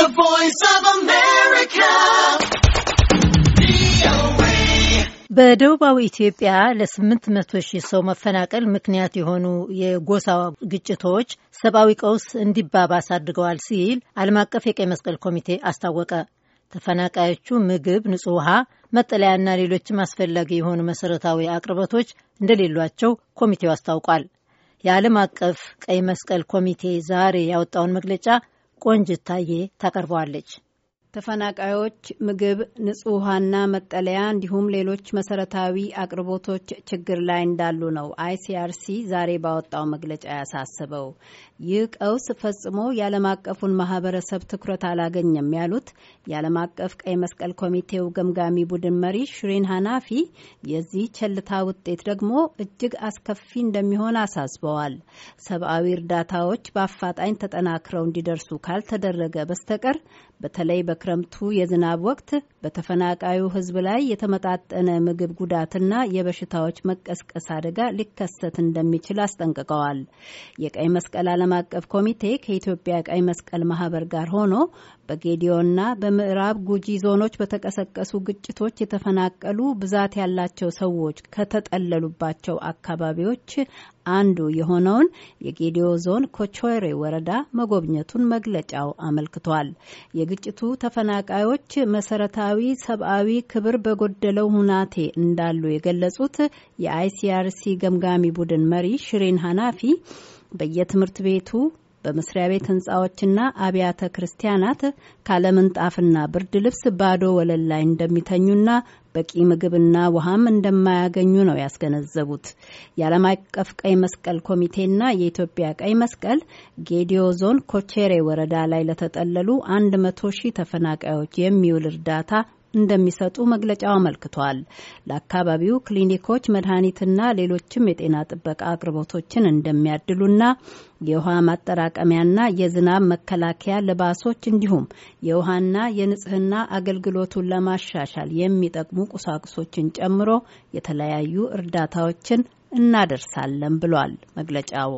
The Voice of America. በደቡባዊ ኢትዮጵያ ለ800 ሺህ ሰው መፈናቀል ምክንያት የሆኑ የጎሳ ግጭቶች ሰብአዊ ቀውስ እንዲባባስ አድርገዋል ሲል ዓለም አቀፍ የቀይ መስቀል ኮሚቴ አስታወቀ። ተፈናቃዮቹ ምግብ፣ ንጹህ ውሃ፣ መጠለያና ሌሎችም አስፈላጊ የሆኑ መሠረታዊ አቅርቦቶች እንደሌሏቸው ኮሚቴው አስታውቋል። የዓለም አቀፍ ቀይ መስቀል ኮሚቴ ዛሬ ያወጣውን መግለጫ ቆንጅታዬ ታቀርበዋለች። ተፈናቃዮች ምግብ፣ ንጹህ ውሃና መጠለያ እንዲሁም ሌሎች መሰረታዊ አቅርቦቶች ችግር ላይ እንዳሉ ነው አይሲአርሲ ዛሬ ባወጣው መግለጫ ያሳስበው። ይህ ቀውስ ፈጽሞ የዓለም አቀፉን ማህበረሰብ ትኩረት አላገኘም ያሉት የዓለም አቀፍ ቀይ መስቀል ኮሚቴው ገምጋሚ ቡድን መሪ ሽሪን ሃናፊ የዚህ ቸልታ ውጤት ደግሞ እጅግ አስከፊ እንደሚሆን አሳስበዋል። ሰብአዊ እርዳታዎች በአፋጣኝ ተጠናክረው እንዲደርሱ ካልተደረገ በስተቀር በተለይ በ በክረምቱ የዝናብ ወቅት በተፈናቃዩ ሕዝብ ላይ የተመጣጠነ ምግብ ጉዳትና የበሽታዎች መቀስቀስ አደጋ ሊከሰት እንደሚችል አስጠንቅቀዋል። የቀይ መስቀል ዓለም አቀፍ ኮሚቴ ከኢትዮጵያ ቀይ መስቀል ማህበር ጋር ሆኖ በጌዲዮና በምዕራብ ጉጂ ዞኖች በተቀሰቀሱ ግጭቶች የተፈናቀሉ ብዛት ያላቸው ሰዎች ከተጠለሉባቸው አካባቢዎች አንዱ የሆነውን የጌዲዮ ዞን ኮቾሬ ወረዳ መጎብኘቱን መግለጫው አመልክቷል። የግጭቱ ተፈናቃዮች መሰረታዊ ሰብአዊ ክብር በጎደለው ሁናቴ እንዳሉ የገለጹት የአይሲአርሲ ገምጋሚ ቡድን መሪ ሽሪን ሃናፊ በየትምህርት ቤቱ በመስሪያ ቤት ህንፃዎችና አብያተ ክርስቲያናት ካለምንጣፍና ብርድ ልብስ ባዶ ወለል ላይ እንደሚተኙና በቂ ምግብና ውሃም እንደማያገኙ ነው ያስገነዘቡት። የዓለም አቀፍ ቀይ መስቀል ኮሚቴና የኢትዮጵያ ቀይ መስቀል ጌዲዮ ዞን ኮቼሬ ወረዳ ላይ ለተጠለሉ አንድ መቶ ሺህ ተፈናቃዮች የሚውል እርዳታ እንደሚሰጡ መግለጫው አመልክቷል። ለአካባቢው ክሊኒኮች መድኃኒትና ሌሎችም የጤና ጥበቃ አቅርቦቶችን እንደሚያድሉና የውሃ ማጠራቀሚያና የዝናብ መከላከያ ልባሶች እንዲሁም የውሃና የንጽህና አገልግሎቱን ለማሻሻል የሚጠቅሙ ቁሳቁሶችን ጨምሮ የተለያዩ እርዳታዎችን እናደርሳለን ብሏል መግለጫው።